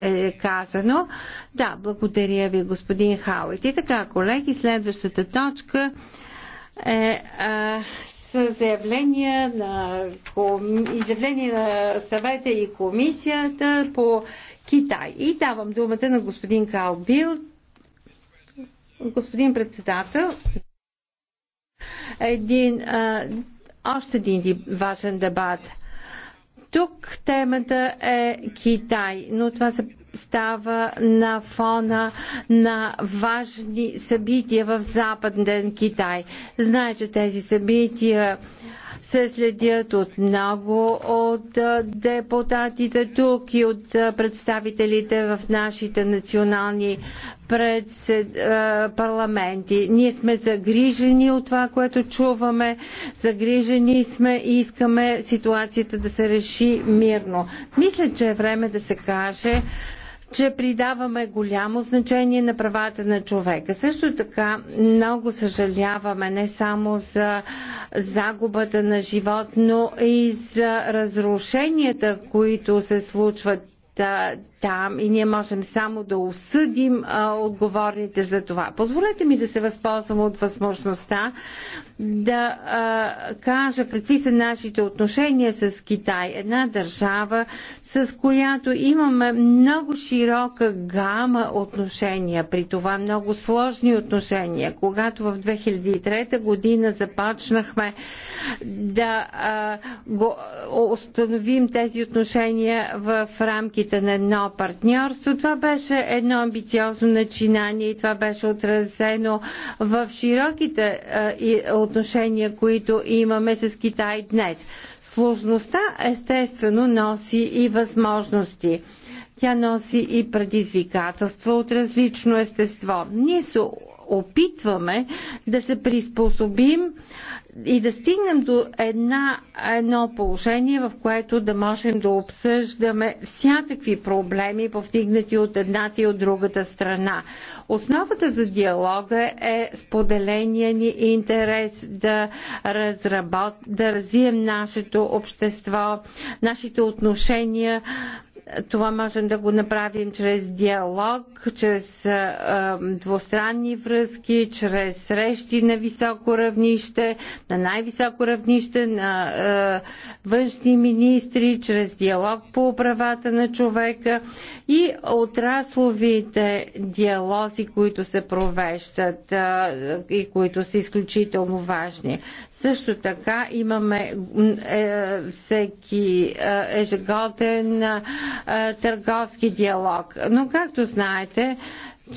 е казано. Да, благодаря ви, господин Хауит. И така, колеги, следващата точка е а, с заявление на, ком... изявление на съвета и комисията по Китай. И давам думата на господин Калбил. Господин председател, един, а, още един важен дебат – тук темата е Китай, но това се става на фона на важни събития в Западен Китай. Знаете, че тези събития се следят от много от депутатите тук и от представителите в нашите национални председ... парламенти. Ние сме загрижени от това, което чуваме, загрижени сме и искаме ситуацията да се реши мирно. Мисля, че е време да се каже, че придаваме голямо значение на правата на човека. Също така много съжаляваме не само за загубата на живот, но и за разрушенията, които се случват там и ние можем само да осъдим а, отговорните за това. Позволете ми да се възползвам от възможността да а, кажа какви са нашите отношения с Китай. Една държава, с която имаме много широка гама отношения, при това много сложни отношения. Когато в 2003 година започнахме да а, го, установим тези отношения в рамките на едно партньорство. Това беше едно амбициозно начинание и това беше отразено в широките отношения, които имаме с Китай днес. Сложността естествено носи и възможности. Тя носи и предизвикателства от различно естество. Ние се опитваме да се приспособим и да стигнем до една, едно положение, в което да можем да обсъждаме всякакви проблеми, повдигнати от едната и от другата страна. Основата за диалога е споделения ни интерес да, разработ, да развием нашето общество, нашите отношения това можем да го направим чрез диалог, чрез е, двустранни връзки, чрез срещи на високо равнище, на най-високо равнище на е, външни министри, чрез диалог по правата на човека и отрасловите диалози, които се провеждат е, и които са изключително важни. Също така имаме е, всеки ежегоден търговски диалог. Но както знаете,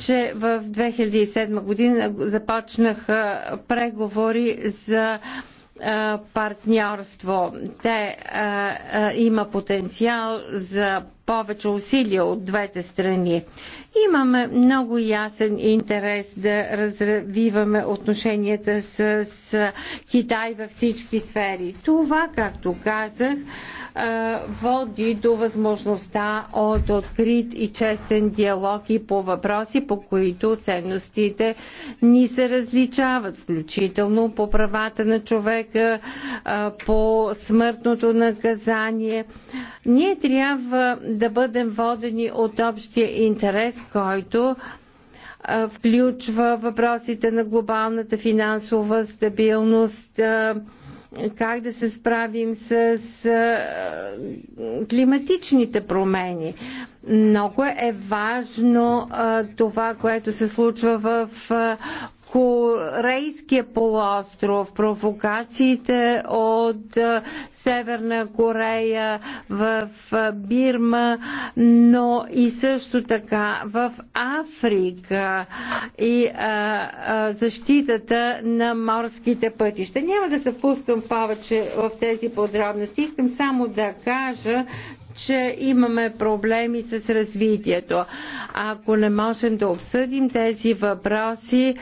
че в 2007 година започнаха преговори за партньорство. Те а, а, има потенциал за повече усилия от двете страни. Имаме много ясен интерес да развиваме отношенията с, с Китай във всички сфери. Това, както казах, е, води до възможността от открит и честен диалог и по въпроси, по които ценностите ни се различават, включително по правата на човека, е, по смъртното наказание. Ние трябва да бъдем водени от общия интерес, който включва въпросите на глобалната финансова стабилност, как да се справим с климатичните промени. Много е важно това, което се случва в Корейския полуостров, провокациите от е, Северна Корея в е, Бирма, но и също така в Африка и а, е, а, защитата на морските пътища. Няма да се впускам повече в тези подробности. Искам само да кажа, че имаме проблеми с развитието. Ако не можем да обсъдим тези въпроси,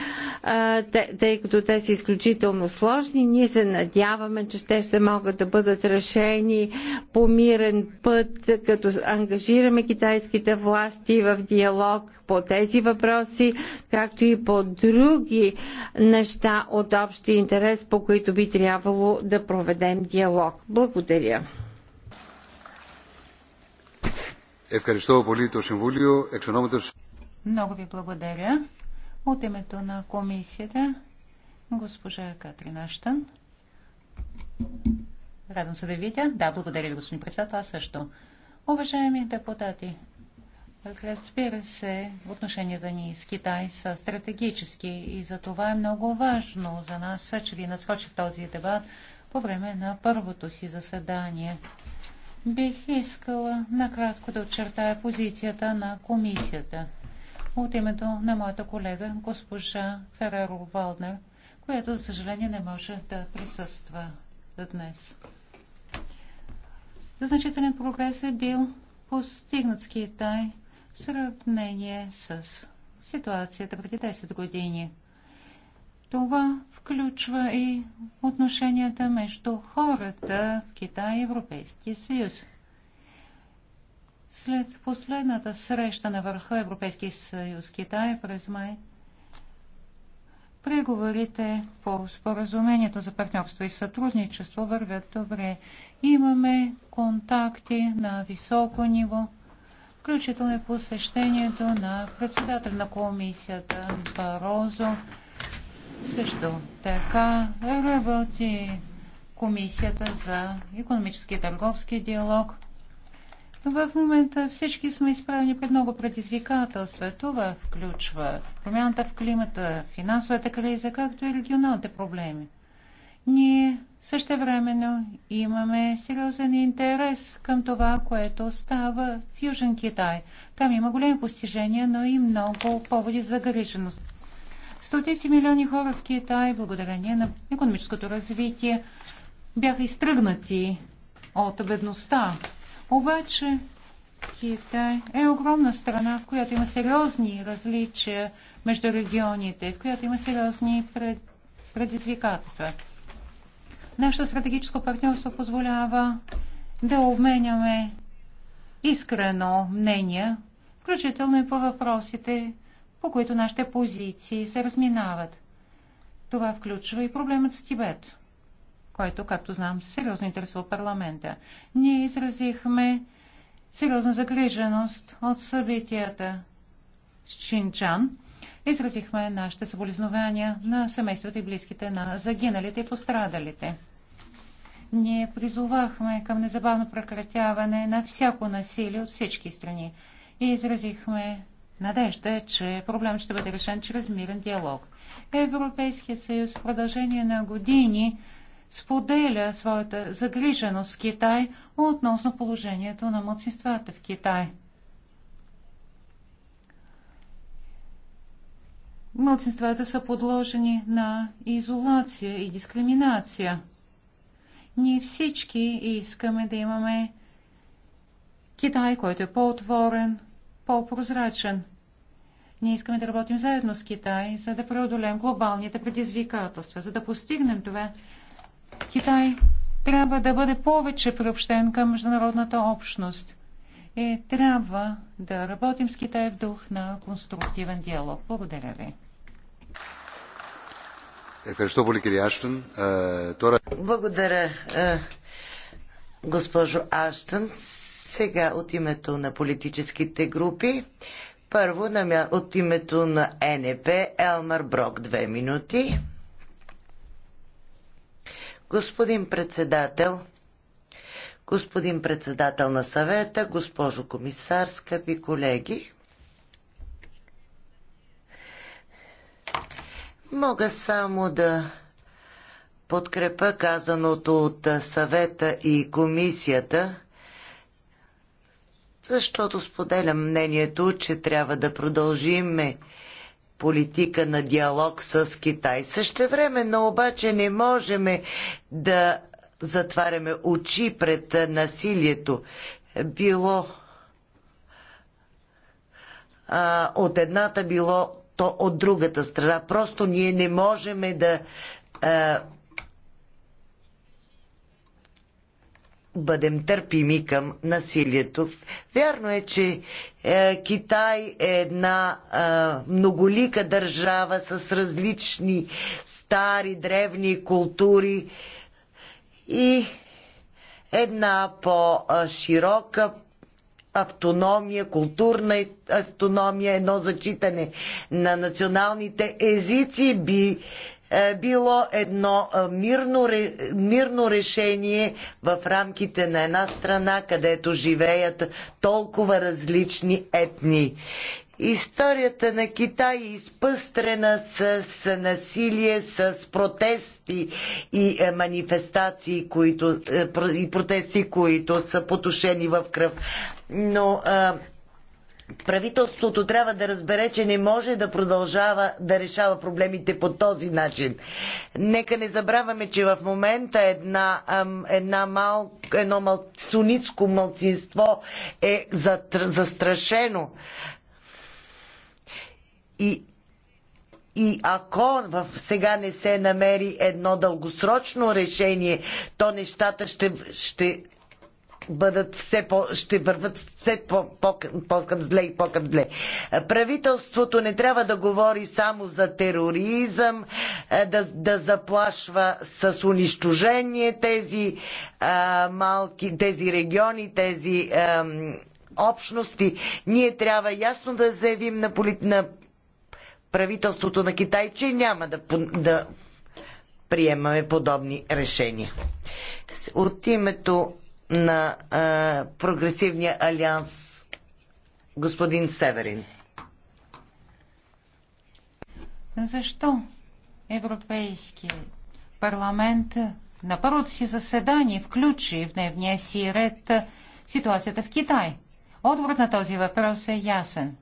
тъй като те са изключително сложни, ние се надяваме, че те ще могат да бъдат решени по мирен път, като ангажираме китайските власти в диалог по тези въпроси, както и по други неща от общи интерес, по които би трябвало да проведем диалог. Благодаря. Много ви благодаря. От името на комисията, госпожа Катрин Аштън. Радвам се да видя. Да, благодаря ви, господин председател. Аз също. Уважаеми депутати, разбира се, отношенията ни с Китай са стратегически и за това е много важно за нас, че ви насрочи този дебат по време на първото си заседание Бих искала накратко да очертая позицията на комисията от името на моята колега, госпожа Фереро Валнер, която, за съжаление, не може да присъства днес. Значителен прогрес е бил постигнат с Китай в сравнение с ситуацията преди 10 години – това включва и отношенията между хората в Китай и Европейския съюз. След последната среща на върха Европейския съюз Китай през май, преговорите по споразумението за партньорство и сътрудничество вървят добре. Имаме контакти на високо ниво, включително и посещението на председател на комисията Барозо също така работи Комисията за економически и търговски диалог. В момента всички сме изправени пред много предизвикателства. Това включва промяната в климата, финансовата криза, както и регионалните проблеми. Ние същевременно имаме сериозен интерес към това, което става в Южен Китай. Там има големи постижения, но и много поводи за гриженост. Стотици милиони хора в Китай, благодарение на економическото развитие, бяха изтръгнати от бедността. Обаче Китай е огромна страна, в която има сериозни различия между регионите, в която има сериозни пред... предизвикателства. Нашето стратегическо партньорство позволява да обменяме искрено мнение, включително и по въпросите, по които нашите позиции се разминават. Това включва и проблемът с Тибет, който, както знам, сериозно интересува парламента. Ние изразихме сериозна загриженост от събитията с Чинчан. Изразихме нашите съболезнования на семействата и близките на загиналите и пострадалите. Ние призовахме към незабавно прекратяване на всяко насилие от всички страни и изразихме надежда е, че проблем ще бъде решен чрез мирен диалог. Европейския съюз в продължение на години споделя своята загриженост с Китай относно положението на младсинствата в Китай. Младсинствата са подложени на изолация и дискриминация. Ние всички искаме да имаме Китай, който е по-отворен, по-прозрачен. Ние искаме да работим заедно с Китай, за да преодолем глобалните предизвикателства. За да постигнем това, Китай трябва да бъде повече приобщен към международната общност. И трябва да работим с Китай в дух на конструктивен диалог. Благодаря ви. Благодаря, е, госпожо Аштън. Сега от името на политическите групи. Първо от името на НП Елмар Брок две минути. Господин председател, господин председател на съвета, госпожо комисар, скъпи колеги, мога само да подкрепа казаното от съвета и комисията – защото споделям мнението, че трябва да продължим политика на диалог с Китай. Същевременно обаче не можем да затваряме очи пред насилието. Било а, от едната, било то от другата страна. Просто ние не можем да а, бъдем търпими към насилието. Вярно е, че е, Китай е една е, многолика държава с различни стари, древни култури и една по-широка автономия, културна автономия, едно зачитане на националните езици би е, било едно е, мирно, мирно решение в рамките на една страна, където живеят толкова различни етни. Историята на Китай е изпъстрена с насилие, с протести и е, манифестации, които, и протести, които са потушени в кръв. Но правителството трябва да разбере, че не може да продължава да решава проблемите по този начин. Нека не забравяме, че в момента една, една мал, едно мал, сунитско малцинство е застрашено. И и ако в сега не се намери едно дългосрочно решение, то нещата ще, ще бъдат все по, ще върват все по, по, по към зле и по към зле. Правителството не трябва да говори само за тероризъм, е, да, да заплашва с унищожение тези а, малки, тези региони, тези а, общности. Ние трябва ясно да заявим на, полит, на правителството на Китай, че няма да, да приемаме подобни решения. От името на а, прогресивния алианс господин Северин. Защо Европейския парламент на първото си заседание включи в дневния си ред ситуацията в Китай? Отговорът на този въпрос е ясен.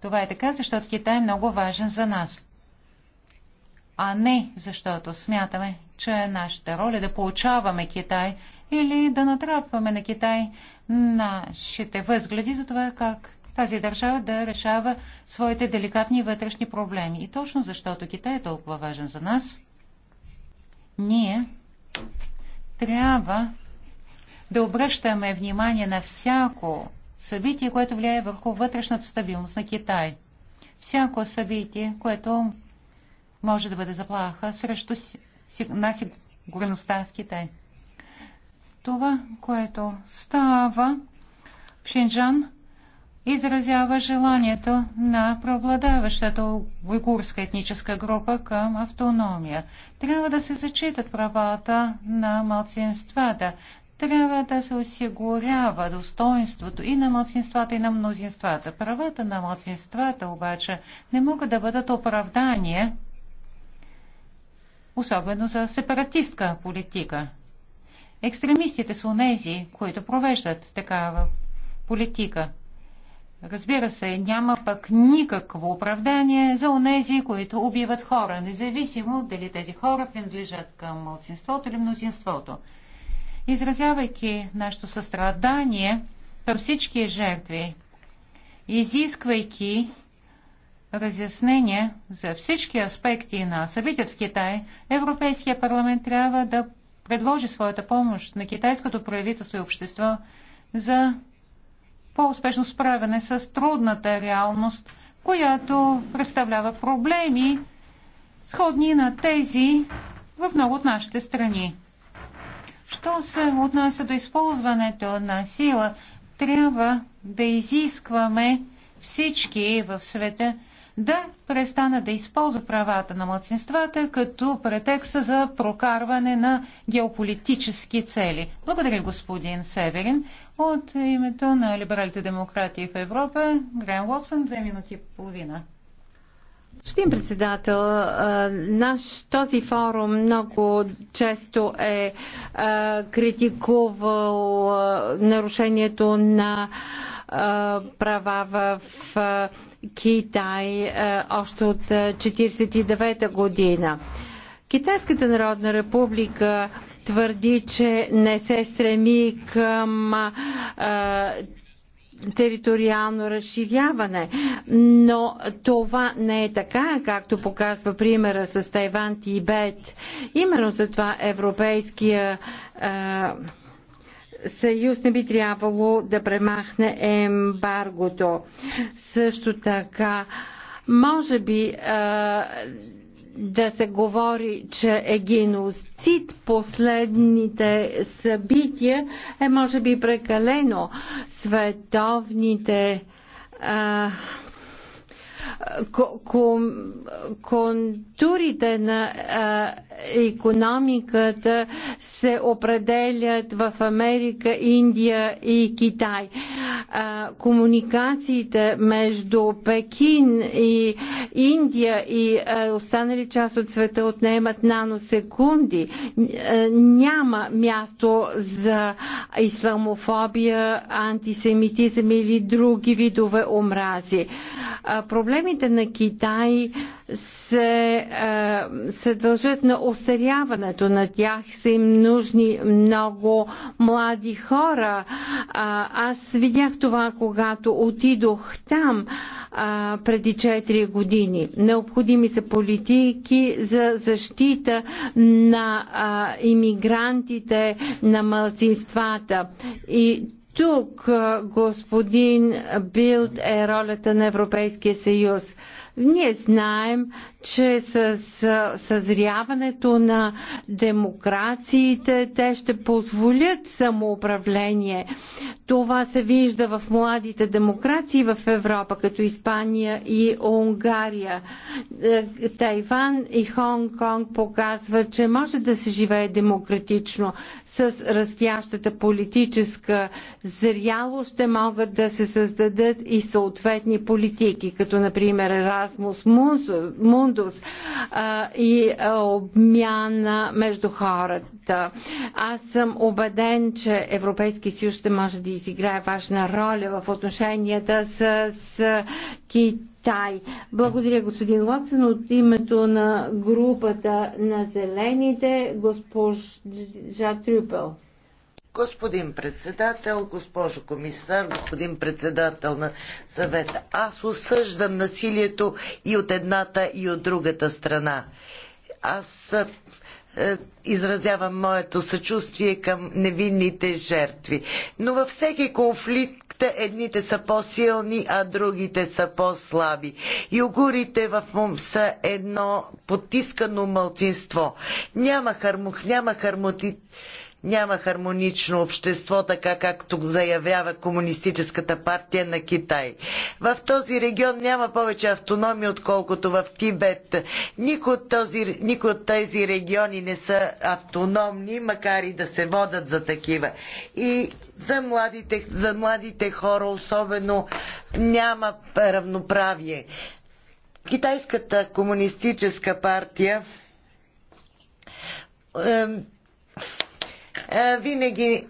Това е така, защото Китай е много важен за нас. А не защото смятаме, че нашата роля е да получаваме Китай – или да натрапваме на Китай нашите възгледи за това как тази държава да решава своите деликатни вътрешни проблеми. И точно защото Китай е толкова важен за нас, ние трябва да обръщаме внимание на всяко събитие, което влияе върху вътрешната стабилност на Китай. Всяко събитие, което може да бъде заплаха срещу на сигурността в Китай. Това, което става в Шинджан, изразява желанието на преобладаващата уйгурска етническа група към автономия. Трябва да се зачитат правата на малцинствата, трябва да се осигурява достоинството и на младсинствата, и на мнозинствата. Правата на младсинствата обаче не могат да бъдат оправдание, особено за сепаратистка политика. Екстремистите са онези, които провеждат такава политика. Разбира се, няма пък никакво оправдание за онези, които убиват хора, независимо дали тези хора принадлежат към младсинството или мнозинството. Изразявайки нашето състрадание към всички жертви, изисквайки разяснение за всички аспекти на събитието в Китай, Европейския парламент трябва да предложи своята помощ на китайското правителство и общество за по-успешно справяне с трудната реалност, която представлява проблеми, сходни на тези в много от нашите страни. Що се отнася до използването на сила, трябва да изискваме всички в света да престана да използва правата на младсинствата като претекста за прокарване на геополитически цели. Благодаря, господин Северин. От името на либералите демократи в Европа, Грен Уотсън, две минути и половина. Господин председател, наш този форум много често е критикувал нарушението на права в Китай е, още от 1949 е, година. Китайската народна република твърди, че не се стреми към а, е, териториално разширяване. Но това не е така, както показва примера с Тайван, Тибет. Именно за това Европейския а, съюз не би трябвало да премахне ембаргото. Също така, може би да се говори, че е геноцид последните събития е може би прекалено. Световните а, контурите на економиката се определят в Америка, Индия и Китай. Комуникациите между Пекин и Индия и останали част от света отнемат наносекунди. Няма място за исламофобия, антисемитизъм или други видове омрази. Проблем Проблемите на Китай се, а, е, се дължат на остаряването. На тях са им нужни много млади хора. А, аз видях това, когато отидох там а, преди 4 години. Необходими са политики за защита на а, иммигрантите, на малцинствата. И тук, господин Билд, е ролята на Европейския съюз. Ние знаем, че с съзряването на демокрациите те ще позволят самоуправление. Това се вижда в младите демокрации в Европа, като Испания и Унгария. Е, Тайван и Хонг-Конг показват, че може да се живее демократично с растящата политическа зрялост. ще могат да се създадат и съответни политики, като например Erasmus Mundus и обмяна между хората. Аз съм убеден, че Европейски съюз ще може да изиграе важна роля в отношенията с, с Китай. Тай. Благодаря господин Лотсън от името на групата на зелените госпожа Трюпел. Господин председател, госпожо комисар, господин председател на съвета, аз осъждам насилието и от едната, и от другата страна. Аз е, изразявам моето съчувствие към невинните жертви. Но във всеки конфликт едните са по-силни, а другите са по-слаби. Югурите в Мум са едно потискано мълцинство. Няма, хармух, няма хармоти, няма хармонично общество, така както заявява Комунистическата партия на Китай. В този регион няма повече автономия, отколкото в Тибет. Никой от, този, никой от тези региони не са автономни, макар и да се водат за такива. И за младите, за младите хора особено няма равноправие. Китайската комунистическа партия е, винаги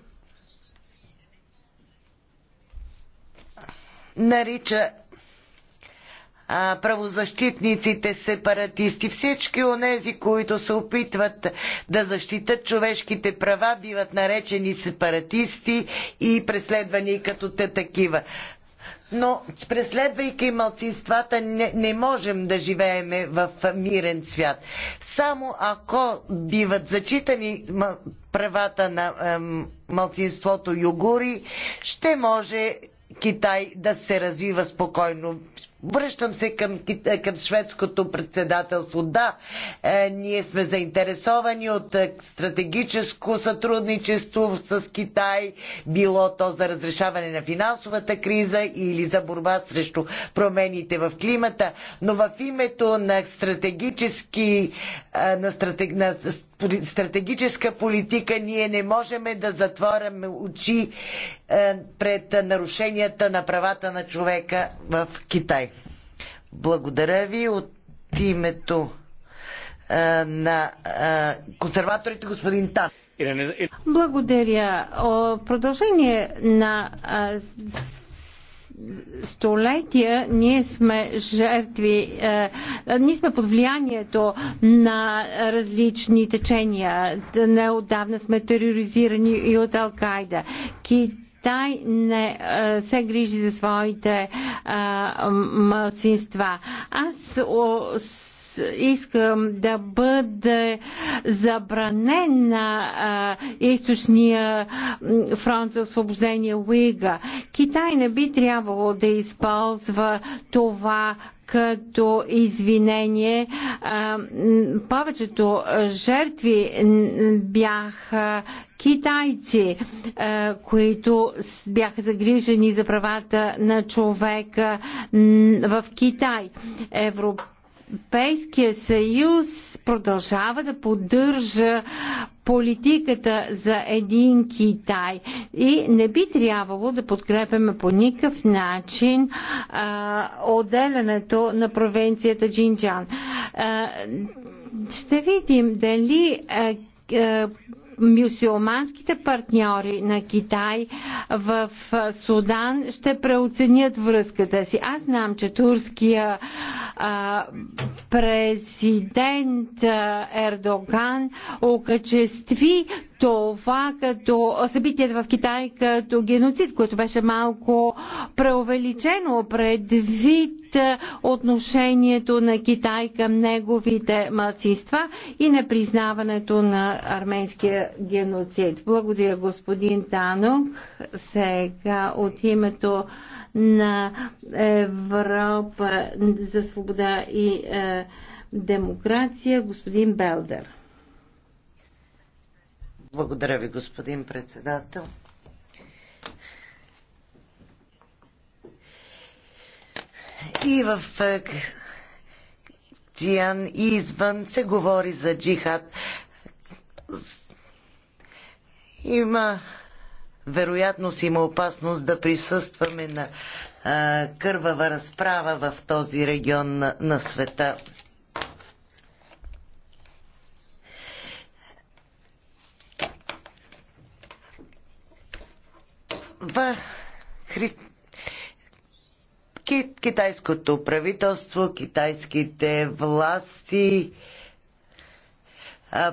нарича правозащитниците, сепаратисти, всички онези, които се опитват да защитат човешките права, биват наречени сепаратисти и преследвани като те такива но преследвайки малцинствата не, не можем да живеем в мирен свят. Само ако биват зачитани правата на малцинството югури, ще може Китай да се развива спокойно. Връщам се към, е, към шведското председателство. Да, е, ние сме заинтересовани от е, стратегическо сътрудничество с Китай, било то за разрешаване на финансовата криза или за борба срещу промените в климата, но в името на стратегически е, на, стратег, на стратегическа политика ние не можем да затворяме очи е, пред нарушенията на правата на човека в Китай. Благодаря ви от името а, на а, консерваторите господин Тан. Благодаря. О, продължение на а, столетия ние сме жертви, а, ние сме под влиянието на различни течения. Неодавна сме тероризирани и от Алкайда. Китай Китай не се грижи за своите малцинства. Аз искам да бъде забранен на източния фронт за освобождение Уига. Китай не би трябвало да използва това като извинение. Повечето жертви бяха китайци, които бяха загрижени за правата на човека в Китай. Европа Европейския съюз продължава да поддържа политиката за един Китай и не би трябвало да подкрепяме по никакъв начин а, отделянето на провинцията Джинджан. А, ще видим дали а, а, мюсюлманските партньори на Китай в Судан ще преоценят връзката си. Аз знам, че турския а, президент Ердоган окачестви това като събитието в Китай като геноцид, което беше малко преувеличено предвид отношението на Китай към неговите младсинства и непризнаването на арменския геноцид. Благодаря господин Танок. Сега от името на Европа за свобода и е, демокрация, господин Белдер. Благодаря ви, господин председател. И в е, Тиян и извън се говори за джихад. Има вероятност, има опасност да присъстваме на а, кървава разправа в този регион на, на света. В Христос китайското правителство, китайските власти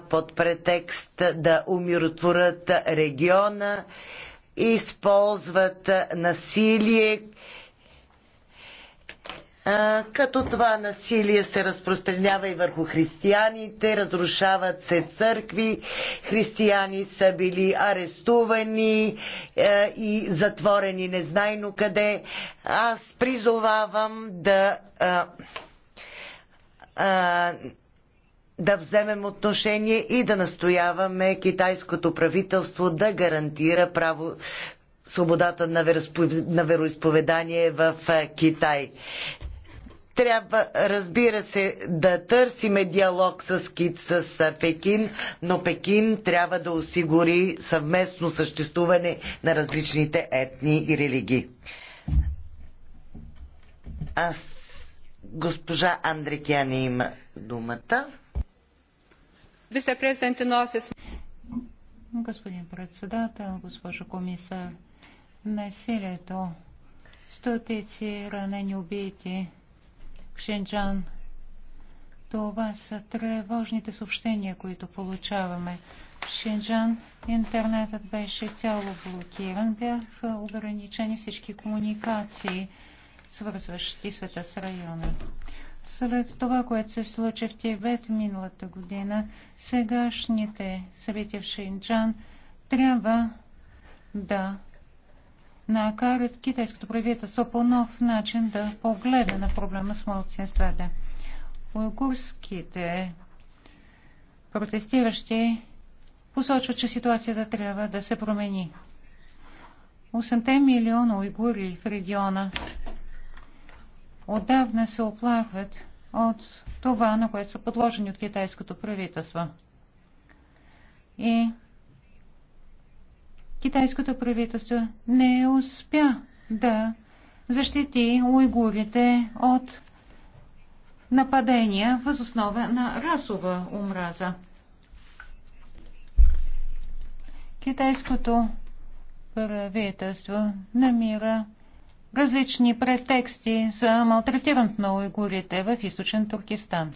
под претекст да умиротворят региона използват насилие като това насилие се разпространява и върху християните, разрушават се църкви, християни са били арестувани е, и затворени незнайно къде. Аз призовавам да да вземем отношение и да настояваме китайското правителство да гарантира право свободата на, вероизповедание в е, Китай. Трябва, разбира се, да търсиме диалог с КИТ, с Пекин, но Пекин трябва да осигури съвместно съществуване на различните етни и религии. Аз, госпожа Андрекяне има думата. Господин председател, госпожо комисар, насилието, стотици ранени убити, Шенджан. Това са тревожните съобщения, които получаваме. В Шинджан интернетът беше цяло блокиран, бяха ограничени всички комуникации, свързващи света с района. След това, което се случи в Тибет миналата година, сегашните събития в Шинджан трябва да накарат китайското правителство по нов начин да погледа на проблема с младсинствата. Уйгурските протестиращи посочват, че ситуацията трябва да се промени. 8 милиона уйгури в региона отдавна се оплакват от това, на което са подложени от китайското правителство. И китайското правителство не успя да защити уйгурите от нападения въз основа на расова омраза. Китайското правителство намира различни претексти за малтретирането на уйгурите в източен Туркестан.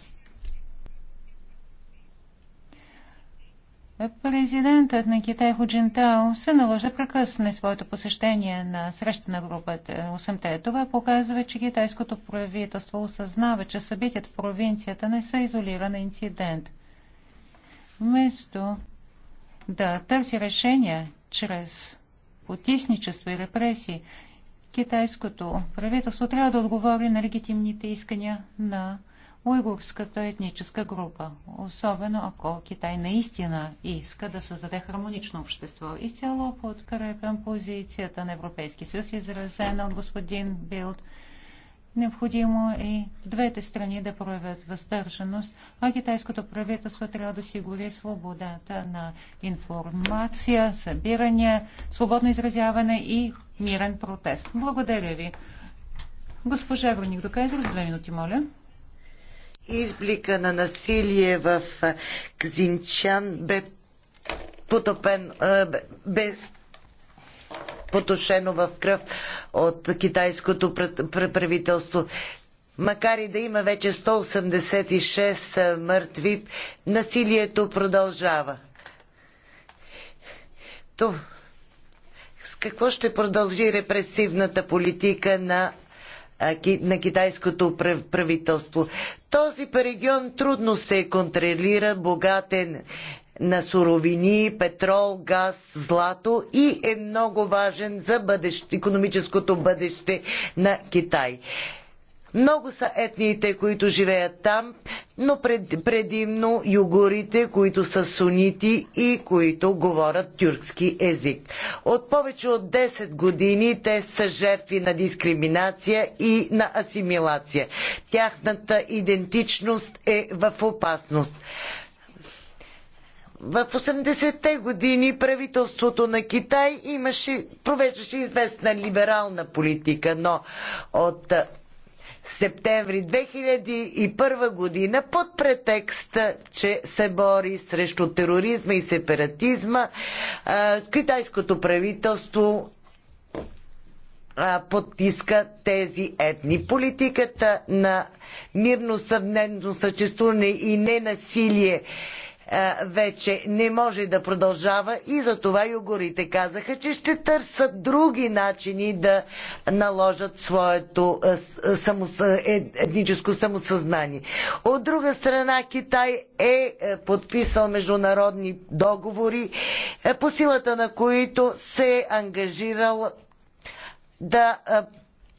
Президентът на Китай Ху Джинтао се наложи прекъсне своето посещение на среща на групата 8-те. Това показва, че китайското правителство осъзнава, че събитията в провинцията не са изолиран инцидент. Вместо да търси решения чрез потисничество и репресии, китайското правителство трябва да отговори на легитимните искания на уйгурската етническа група, особено ако Китай наистина иска да създаде хармонично общество. Изцяло подкрепям позицията на Европейски съюз, изразена от господин Билд. Необходимо и е двете страни да проявят въздържаност, а китайското правителство трябва да осигури свободата на информация, събиране, свободно изразяване и мирен протест. Благодаря ви. Госпожа Верник Доказер, за две минути, моля изблика на насилие в Кзинчан бе потопен, бе потушено в кръв от китайското правителство. Макар и да има вече 186 мъртви, насилието продължава. То, с какво ще продължи репресивната политика на на китайското правителство. Този регион трудно се контролира, богатен на суровини, петрол, газ, злато и е много важен за бъдеще, економическото бъдеще на Китай. Много са етниите, които живеят там, но пред, предимно югурите, които са сунити и които говорят тюркски език. От повече от 10 години те са жертви на дискриминация и на асимилация. Тяхната идентичност е в опасност. В 80-те години правителството на Китай имаше, провеждаше известна либерална политика, но от септември 2001 година под претекст, че се бори срещу тероризма и сепаратизма. Китайското правителство потиска тези етни. Политиката на мирно съвненно съществуване и ненасилие насилие вече не може да продължава и затова югорите казаха, че ще търсят други начини да наложат своето е, етническо самосъзнание. От друга страна Китай е, е подписал международни договори, е, по силата на които се е ангажирал да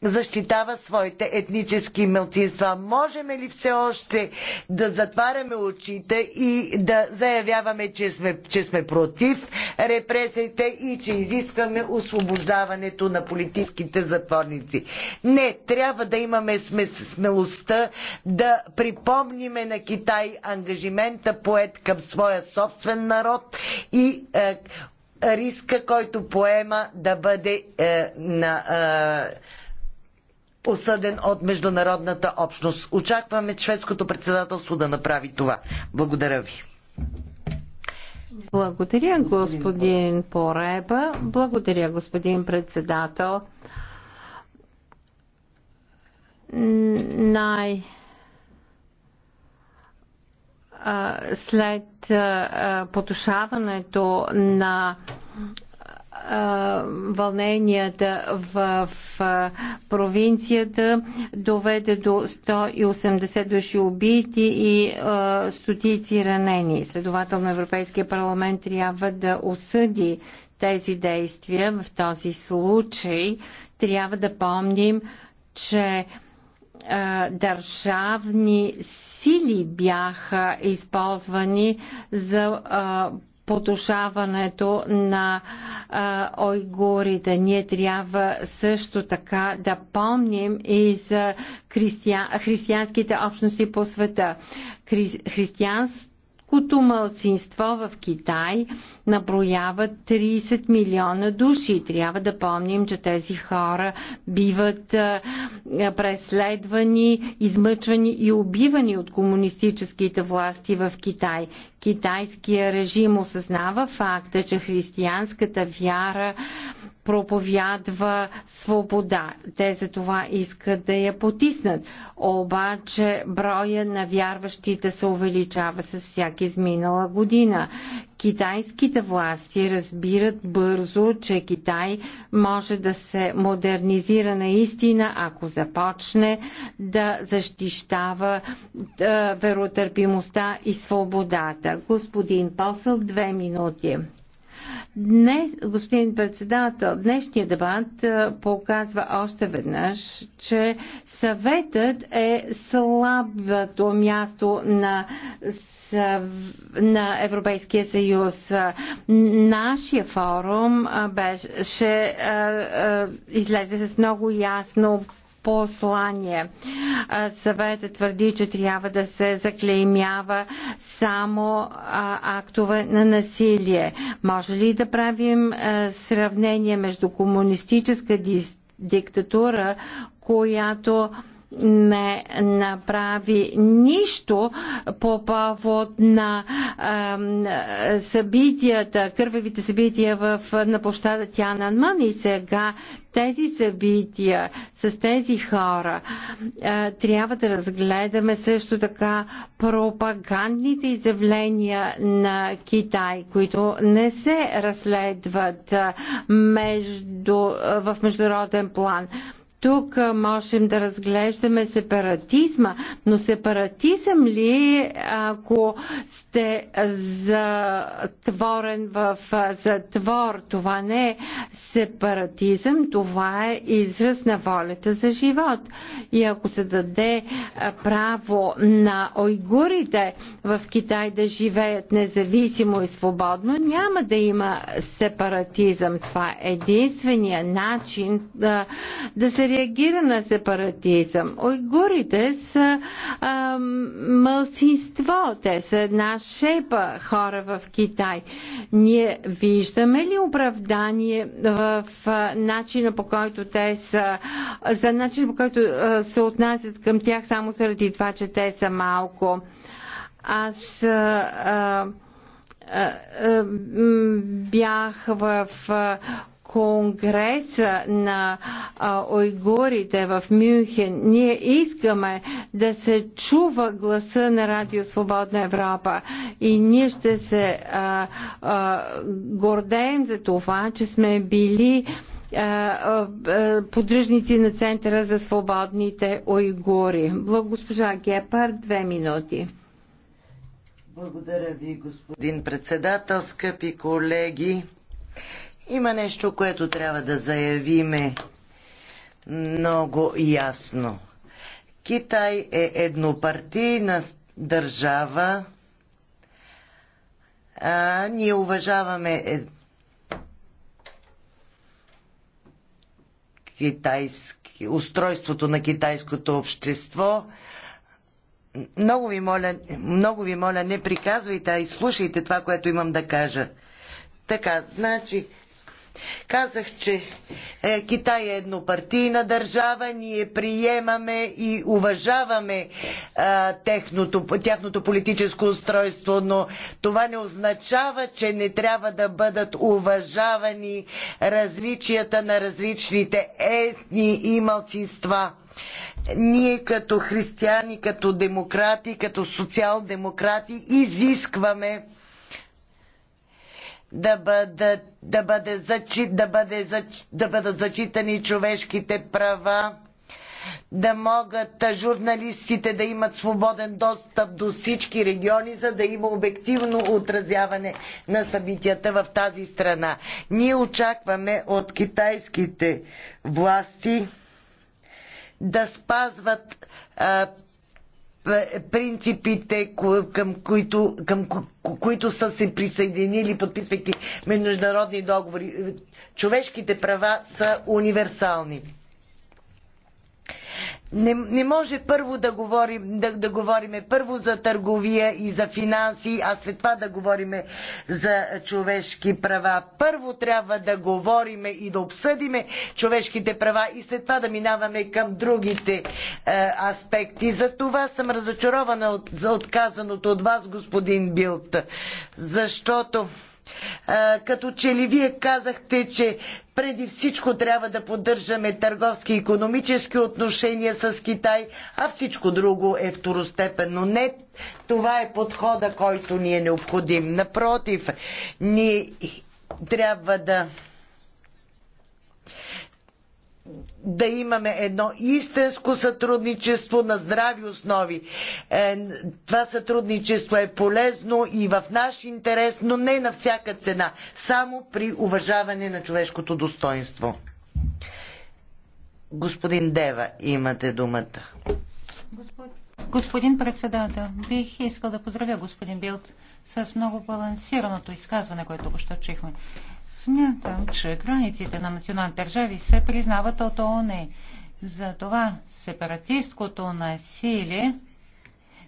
защитава своите етнически мълцинства. Можем ли все още да затваряме очите и да заявяваме, че сме, че сме против репресиите и че изискваме освобождаването на политическите затворници? Не, трябва да имаме смелостта да припомниме на Китай ангажимента поет към своя собствен народ и е, риска, който поема да бъде е, на. Е, осъден от международната общност. Очакваме шведското председателство да направи това. Благодаря ви. Благодаря, господин Пореба. Благодаря, господин председател. Най- след потушаването на вълненията в, в провинцията доведе до 180 души убити и а, стотици ранени. Следователно Европейския парламент трябва да осъди тези действия. В този случай трябва да помним, че а, държавни сили бяха използвани за а, потушаването на а, ойгурите. Ние трябва също така да помним и за христия, християнските общности по света. Хри, малкото мълцинство в Китай наброява 30 милиона души. Трябва да помним, че тези хора биват преследвани, измъчвани и убивани от комунистическите власти в Китай. Китайския режим осъзнава факта, че християнската вяра проповядва свобода. Те за това искат да я потиснат. Обаче броя на вярващите се увеличава с всяка изминала година. Китайските власти разбират бързо, че Китай може да се модернизира наистина, ако започне да защищава е, веротърпимостта и свободата. Господин Посъл, две минути. Днес, господин председател, днешния дебат показва още веднъж, че съветът е слабото място на на Европейския съюз. Нашия форум беше, излезе с много ясно послание. Съветът твърди, че трябва да се заклеймява само актове на насилие. Може ли да правим сравнение между комунистическа диктатура, която не направи нищо по повод на е, събитията, кървавите събития в, на площада Тянанман и сега тези събития с тези хора е, трябва да разгледаме също така пропагандните изявления на Китай, които не се разследват между, в международен план. Тук можем да разглеждаме сепаратизма, но сепаратизъм ли ако сте затворен в затвор? Това не е сепаратизъм, това е израз на волята за живот. И ако се даде право на ойгурите в Китай да живеят независимо и свободно, няма да има сепаратизъм. Това е единствения начин да, да се реагира на сепаратизъм. Уйгурите са а, мълцинство, те са една шепа хора в Китай. Ние виждаме ли оправдание в а, начина по който те са, за начина по който а, се отнасят към тях само заради това, че те са малко? Аз а, а, бях в конгреса на а, уйгурите в Мюнхен. Ние искаме да се чува гласа на Радио Свободна Европа и ние ще се а, а, гордеем за това, че сме били подръжници на Центъра за свободните уйгури. Госпожа Гепар, две минути. Благодаря ви, господин председател, скъпи колеги. Има нещо, което трябва да заявиме много ясно. Китай е еднопартийна държава. А, ние уважаваме е- китайски, устройството на китайското общество. Много ви моля, много ви моля, не приказвайте, а изслушайте това, което имам да кажа. Така, значи, Казах, че е, Китай е еднопартийна държава, ние приемаме и уважаваме е, техното, тяхното политическо устройство, но това не означава, че не трябва да бъдат уважавани различията на различните етни и малцинства ние като християни, като демократи, като социал-демократи изискваме да бъдат, да бъде да, бъде, да бъдат зачитани човешките права, да могат журналистите да имат свободен достъп до всички региони, за да има обективно отразяване на събитията в тази страна. Ние очакваме от китайските власти да спазват а, принципите, към които, към които са се присъединили, подписвайки международни договори. Човешките права са универсални не, не може първо да говорим, да, да говорим първо за търговия и за финанси, а след това да говорим за човешки права. Първо трябва да говорим и да обсъдиме човешките права и след това да минаваме към другите е, аспекти. За това съм разочарована от, за отказаното от вас, господин Билт, защото като че ли вие казахте, че преди всичко трябва да поддържаме търговски и економически отношения с Китай, а всичко друго е второстепенно. Не, това е подхода, който ни е необходим. Напротив, ние трябва да да имаме едно истинско сътрудничество на здрави основи. Е, това сътрудничество е полезно и в наш интерес, но не на всяка цена, само при уважаване на човешкото достоинство. Господин Дева, имате думата. Господин председател, бих искал да поздравя господин Билт с много балансираното изказване, което го ще чихме. Смятам, че границите на национални държави се признават от ООН. Затова сепаратисткото насилие,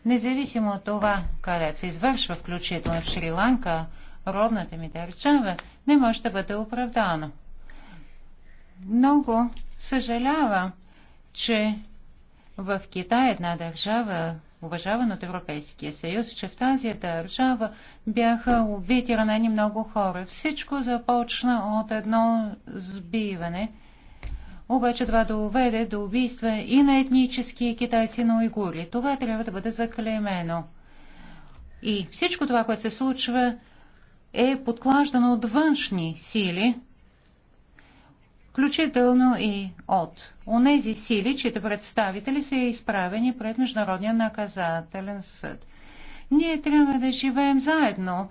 независимо от това, къде се извършва, включително в Шри-Ланка, родната ми държава, не може да бъде оправдано. Много съжалявам, че в Китай една държава уважаван от Европейския съюз, че в тази държава бяха убити ранени много хора. Всичко започна от едно сбиване. Обаче това доведе до убийства и на етнически китайци, на уйгури. Това трябва да бъде заклеймено. И всичко това, което се случва, е подклаждано от външни сили – включително и от онези сили, чието представители са изправени пред Международния наказателен съд. Ние трябва да живеем заедно.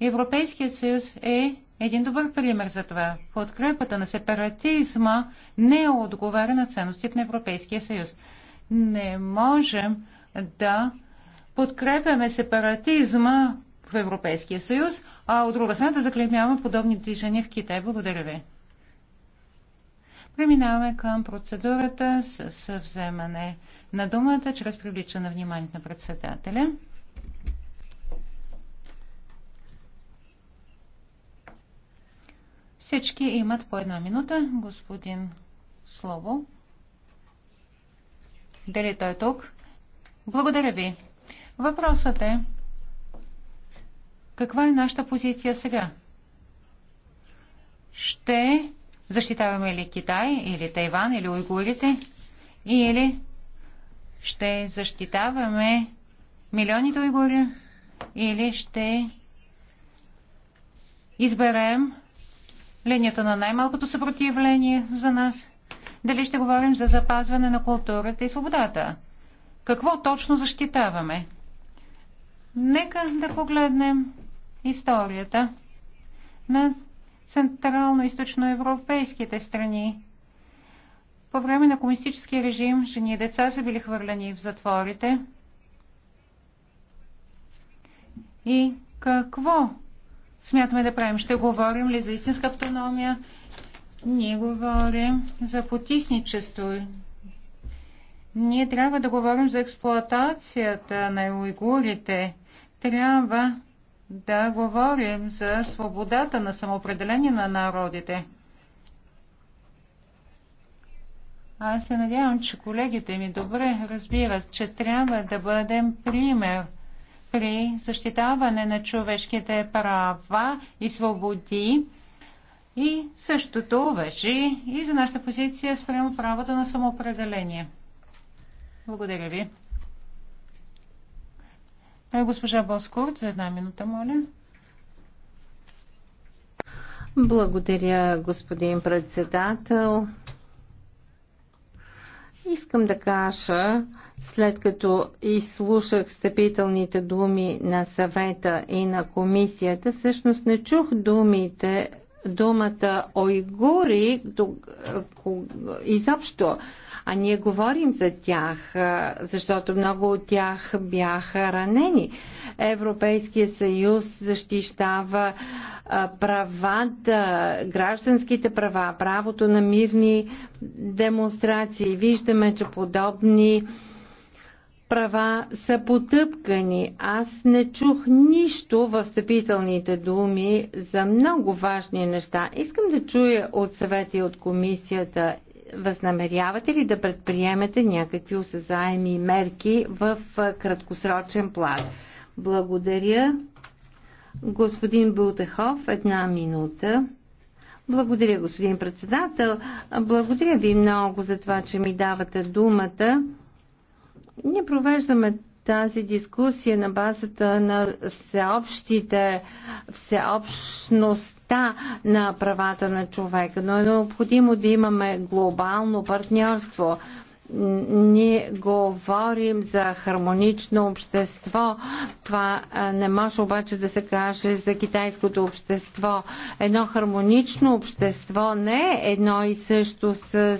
Европейският съюз е един добър пример за това. Подкрепата на сепаратизма не отговаря на ценностите на Европейския съюз. Не можем да подкрепяме сепаратизма в Европейския съюз, а от друга страна да заклемяваме подобни движения в Китай. Благодаря ви. Преминаваме към процедурата с вземане на думата чрез привличане на вниманието на председателя. Всички имат по една минута. Господин Слово. Дали той е тук? Благодаря ви. Въпросът е, каква е нашата позиция сега? Ще Защитаваме ли Китай или Тайван или уйгурите? Или ще защитаваме милионите уйгури? Или ще изберем линията на най-малкото съпротивление за нас? Дали ще говорим за запазване на културата и свободата? Какво точно защитаваме? Нека да погледнем историята на централно-источноевропейските страни. По време на комунистическия режим жени и деца са били хвърлени в затворите. И какво смятаме да правим? Ще говорим ли за истинска автономия? Ние говорим за потисничество. Ние трябва да говорим за експлоатацията на уйгурите. Трябва да говорим за свободата на самоопределение на народите. Аз се надявам, че колегите ми добре разбират, че трябва да бъдем пример при защитаване на човешките права и свободи. И същото въжи и за нашата позиция спрямо правото на самоопределение. Благодаря ви. Е, госпожа Боскорт, за една минута, моля. Благодаря, господин председател. Искам да кажа, след като изслушах стъпителните думи на съвета и на комисията, всъщност не чух думите, думата ойгури изобщо а ние говорим за тях, защото много от тях бяха ранени. Европейския съюз защищава правата, гражданските права, правото на мирни демонстрации. Виждаме, че подобни права са потъпкани. Аз не чух нищо в встъпителните думи за много важни неща. Искам да чуя от съвета и от комисията възнамерявате ли да предприемете някакви осезаеми мерки в краткосрочен план? Благодаря. Господин Бултехов, една минута. Благодаря, господин председател. Благодаря ви много за това, че ми давате думата. Ние провеждаме тази дискусия на базата на всеобщите, всеобщността на правата на човека, но е необходимо да имаме глобално партньорство ние говорим за хармонично общество. Това не може обаче да се каже за китайското общество. Едно хармонично общество не е едно и също с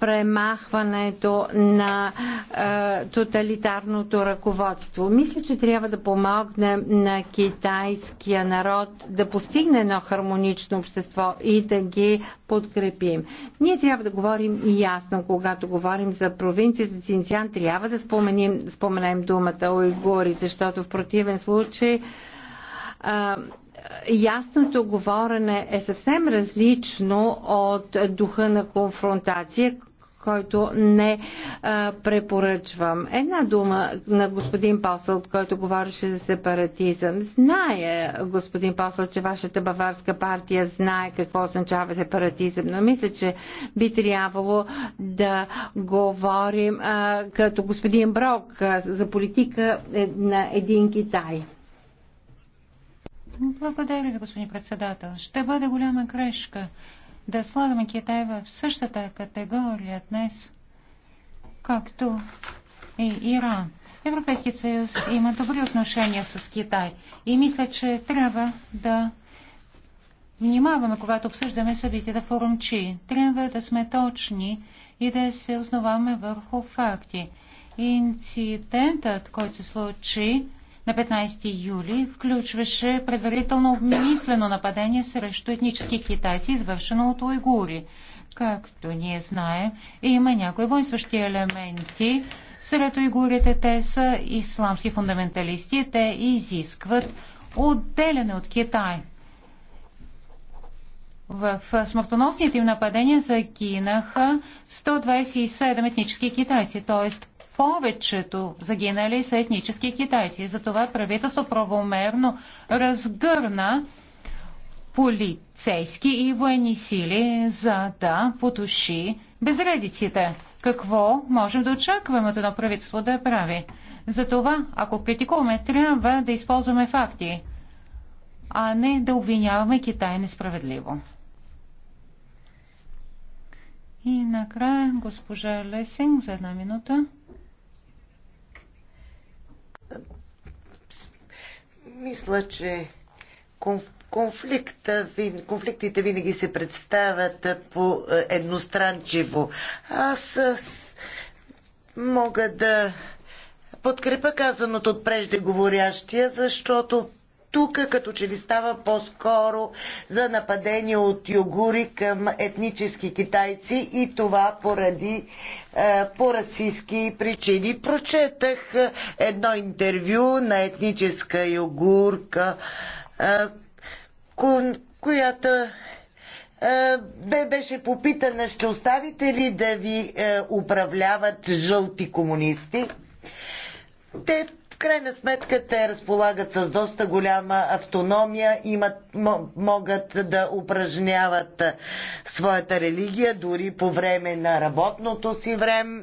премахването на е, тоталитарното ръководство. Мисля, че трябва да помогнем на китайския народ да постигне едно хармонично общество и да ги подкрепим. Ние трябва да говорим ясно, когато говорим за провинция за Цинциан, трябва да споменим, споменем думата уйгури, защото в противен случай е, ясното говорене е съвсем различно от духа на конфронтация, който не а, препоръчвам. Една дума на господин Пасъл, който говореше за сепаратизъм. Знае, господин Посъл, че вашата баварска партия знае какво означава сепаратизъм, но мисля, че би трябвало да говорим а, като господин Брок а, за политика е, на един Китай. Благодаря ви, господин председател. Ще бъде голяма грешка да слагаме Китай в същата категория днес, както и Иран. Европейският съюз има добри отношения с Китай и мисля, че трябва да внимаваме, когато обсъждаме събитията в Урумчи. Трябва да сме точни и да се основаваме върху факти. Инцидентът, който се случи на 15 юли включваше предварително обмислено нападение срещу етнически китайци, извършено от уйгури. Както ние знаем, има някои воинстващи елементи. Сред уйгурите те са исламски фундаменталисти. Те изискват отделяне от Китай. В смъртоносните им нападения загинаха 127 етнически китайци, т.е повечето загинали са етнически китайци. Затова правителство правомерно разгърна полицейски и военни сили, за да потуши безредиците. Какво можем да очакваме от едно правителство да прави? Затова, ако критикуваме, трябва да използваме факти, а не да обвиняваме Китай несправедливо. И накрая госпожа Лесинг за една минута. Мисля, че конфликта, конфликтите винаги се представят по едностранчиво. Аз мога да подкрепа казаното от преждеговорящия, защото тук като че ли става по-скоро за нападение от югури към етнически китайци и това поради е, по расистски причини. Прочетах е, едно интервю на етническа югурка, е, която бе беше попитана, ще оставите ли да ви управляват жълти комунисти? Те крайна сметка те разполагат с доста голяма автономия, имат, могат да упражняват своята религия дори по време на работното си време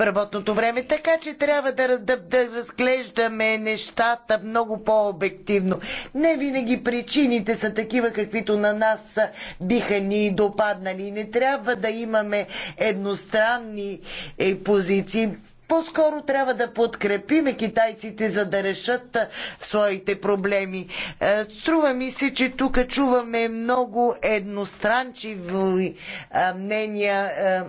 работното време, така че трябва да, да, да разглеждаме нещата много по-обективно. Не винаги причините са такива, каквито на нас биха ни допаднали. Не трябва да имаме едностранни е, позиции. По-скоро трябва да подкрепиме китайците, за да решат своите проблеми. Е, струва ми се, че тук чуваме много едностранчиви мнения. Е,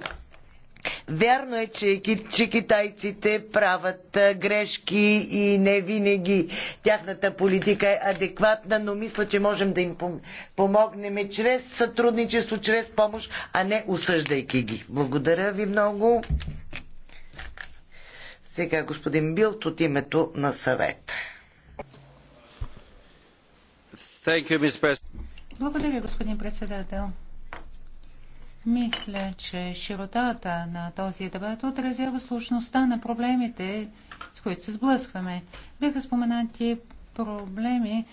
вярно е, че, че китайците правят грешки и не винаги тяхната политика е адекватна, но мисля, че можем да им помогнем чрез сътрудничество, чрез помощ, а не осъждайки ги. Благодаря ви много. Сега господин Билт от името на Благодаря, господин председател. Мисля, че широтата на този дебат отразява сложността на проблемите, с които се сблъскваме. Бяха споменати проблеми,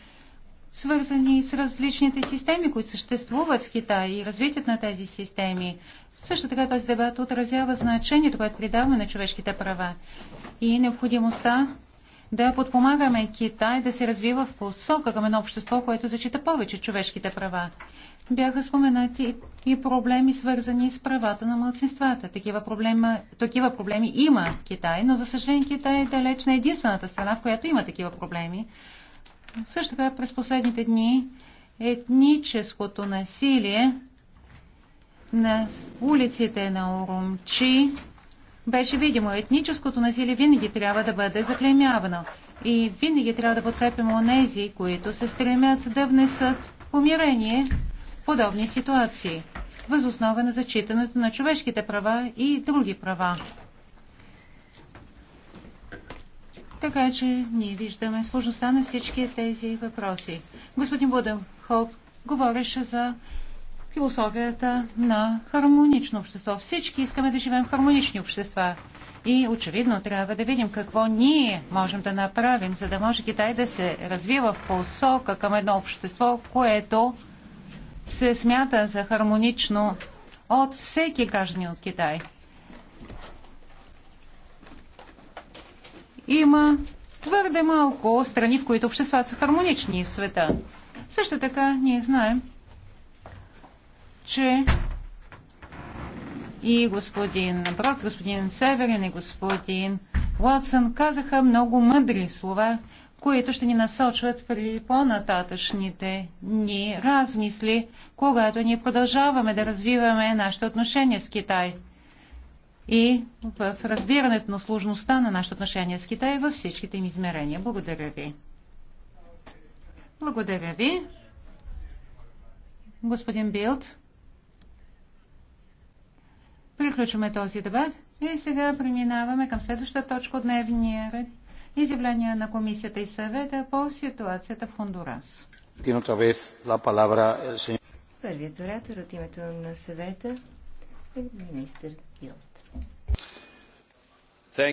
свързани с различните системи, които съществуват в Китай и развитието на тези системи. Също така този дебат отразява значението, което придаваме на човешките права и необходимостта да подпомагаме Китай да се развива в посока към едно общество, което зачита повече човешките права. Бяха споменати и проблеми, свързани с правата на младсинствата. Такива, проблема, такива проблеми има в Китай, но за съжаление Китай е далеч на единствената страна, в която има такива проблеми. Също така през последните дни етническото насилие на улиците на Урумчи беше видимо. Етническото насилие винаги трябва да бъде заклемявано и винаги трябва да подкрепим онези, които се стремят да внесат помирение в подобни ситуации, възоснова на зачитането на човешките права и други права. Така че ние виждаме сложността на всички тези въпроси. Господин Будем Хоп говореше за философията на хармонично общество. Всички искаме да живеем в хармонични общества. И очевидно трябва да видим какво ние можем да направим, за да може Китай да се развива в посока към едно общество, което се смята за хармонично от всеки гражданин от Китай. Има твърде малко страни, в които обществата са хармонични в света. Също така ние знаем, че и господин Брок, господин Северин и господин Уотсън казаха много мъдри слова, които ще ни насочват при по-нататъчните ни размисли, когато ние продължаваме да развиваме нашите отношения с Китай – и в разбирането на сложността на нашите отношения с Китай във всичките им измерения. Благодаря ви. Благодаря ви. Господин Билд, приключваме този дебат и сега преминаваме към следващата точка от дневния ред. Изявление на комисията и съвета по ситуацията в Хондурас. Е, Първият оратор от името на съвета е министър Гилд.